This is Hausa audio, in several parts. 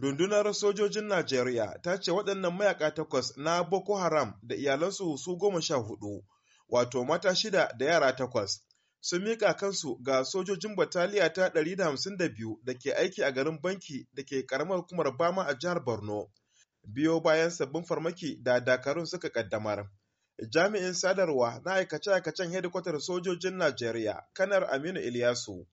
Rundunar sojojin Najeriya ta ce waɗannan mayaka takwas na Boko Haram da iyalansu su goma sha hudu, wato mata shida da yara takwas, sun miƙa kansu ga sojojin bataliya ta 152 da ke aiki a garin banki da ke karamar hukumar Bama a jihar Borno. Biyo bayan sabbin farmaki da dakarun suka kaddamar. Jami'in sadarwa na aikace-aikacen hedikwatar sojojin Najeriya, Kanar Aminu Iliyasu.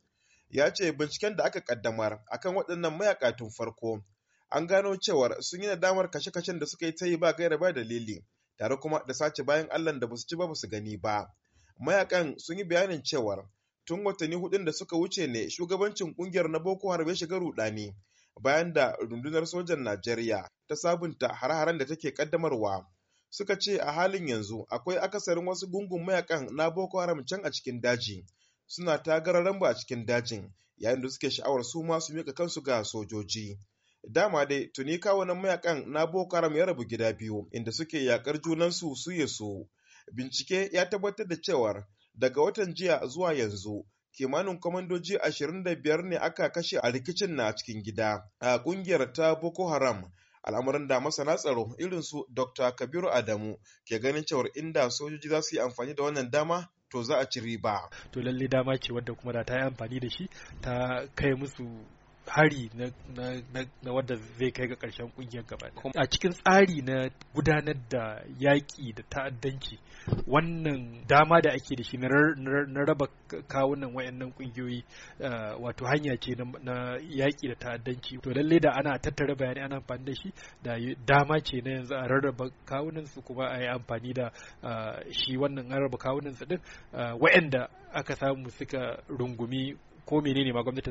ya ce binciken da aka kaddamar akan waɗannan mayaka tun farko an gano cewar sun yi nadamar kashe-kashen da suka yi ta yi ba gaira ba dalili tare kuma da sace bayan allah da basu ci ba basu gani ba mayakan sun yi bayanin cewar tun watanni hudun da suka wuce ne shugabancin kungiyar na boko haram ya shiga rudani bayan da rundunar sojan najeriya ta sabunta hare-haren da take kaddamarwa suka ce a halin yanzu akwai akasarin wasu gungun mayakan na boko haram can a cikin daji suna ta gararan a cikin dajin yayin da suke sha'awar su ma su miƙa kansu ga sojoji. Dama dai tuni kawunan mayakan na Boko Haram ya rabu gida biyu inda suke yakar junansu su ya su. Bincike ya tabbatar da cewar daga watan jiya zuwa yanzu kimanin kwamandoji 25 ne aka kashe a rikicin na cikin gida a kungiyar ta Boko Haram al'amuran da masana tsaro irin su Dr. Kabiru Adamu ke ganin cewar inda sojoji za su yi amfani da wannan dama to za a ci riba to lalle dama ce wadda kuma da ta yi amfani da shi ta kai musu hari na na na wadda zai kai ga ƙarshen ƙungiyar gaba a cikin tsari na gudanar da yaƙi da ta'addanci wannan dama da ake da shi na raba kawunan wayannan ƙungiyoyi eh, wato hanya ce na yaƙi da ta'addanci to lalle da ana tattara bayani ana amfani da shi da dama ce na yanzu a rarraba kawunan su kuma a yi amfani da eh, shi wannan an raba kawunan su din eh, wayanda aka samu suka rungumi ko menene ma gwamnati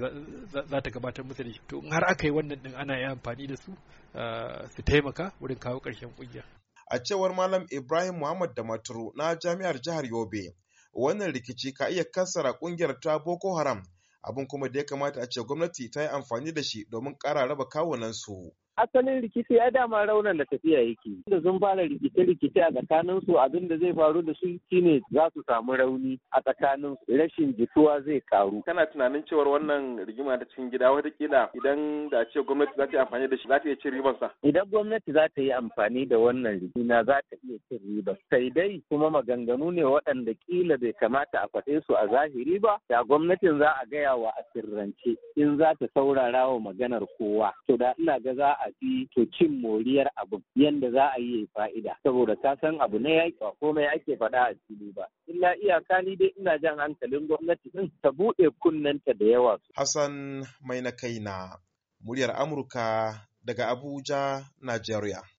za ta gabatar musu da shi to in har aka yi wannan din ana yin amfani da su ah, su taimaka wurin kawo ƙarshen kungiya a cewar malam ibrahim muhammad da maturu na jami'ar jihar yobe wannan rikici ka iya kassara kungiyar ta boko haram abin kuma da ya kamata a ce gwamnati ta yi amfani da shi domin ƙara raba kawunan su asalin rikici ya dama raunan da tafiya yake da sun fara rikice-rikice a tsakanin su abin da zai faru da su shine za su samu rauni a tsakanin rashin jituwa zai karu kana tunanin cewar wannan rigima da cikin gida watakila idan da ce gwamnati za ta yi amfani da shi za ta iya cin sa. idan gwamnati za ta yi amfani da wannan rigima za ta iya cin riba sai dai kuma maganganu ne waɗanda kila bai kamata a faɗe su a zahiri ba da gwamnatin za a gaya wa a sirrance in za ta saurara wa maganar kowa to da ina ga za a hatsi to cin moriyar abin yadda za a yi ya fa'ida saboda ka san abu na yaƙi ba komai ake faɗa a fili ba illa iyaka ni dai ina jan hankalin gwamnati din ta buɗe kunnenta da yawa su. Hassan mai na kaina muryar Amurka daga Abuja Najeriya